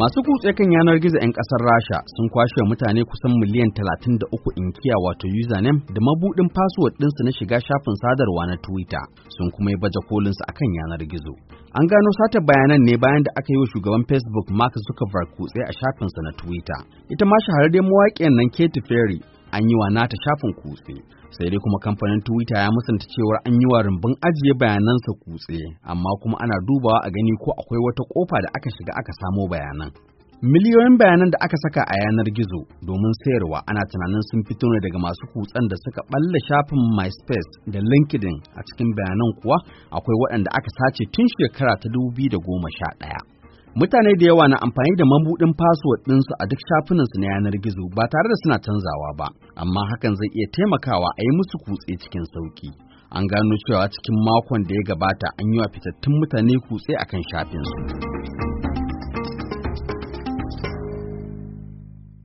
Masu kutse kan yanar gizo 'yan ƙasar Rasha sun kwashe mutane kusan miliyan 33 inkiya wato username da mabuɗin password ɗinsu na shiga shafin sadarwa na Twitter sun kuma yi baje kolinsu akan yanar gizo. An gano sata bayanan ne bayan da aka yi wa shugaban Facebook Mark Zuckerberg kutse a shafinsa na Twitter. Ita ma shahararren mawaƙiyar nan Katy Perry an yi wa nata shafin kutse sai dai kuma kamfanin twitter ya musanta cewar an yi wa rumbun ajiye bayanansa kutse amma kuma ana dubawa a gani ko akwai wata kofa da aka shiga aka samo bayanan miliyoyin bayanan da aka saka a yanar gizo domin sayarwa ana tunanin sun fito ne daga masu kutsen da suka balla shafin myspace da linkedin a cikin bayanan kuwa akwai waɗanda aka sace tun shekara ta dubu biyu da goma sha ɗaya. Mutane da yawa na amfani da mambuɗin password ɗinsu a duk shafinansu na yanar gizo ba tare da suna canzawa ba, amma hakan zai iya taimakawa a yi musu kutse cikin sauƙi. An gano cewa cikin makon da ya gabata an yi wa fitattun mutane kutse akan shafinsu.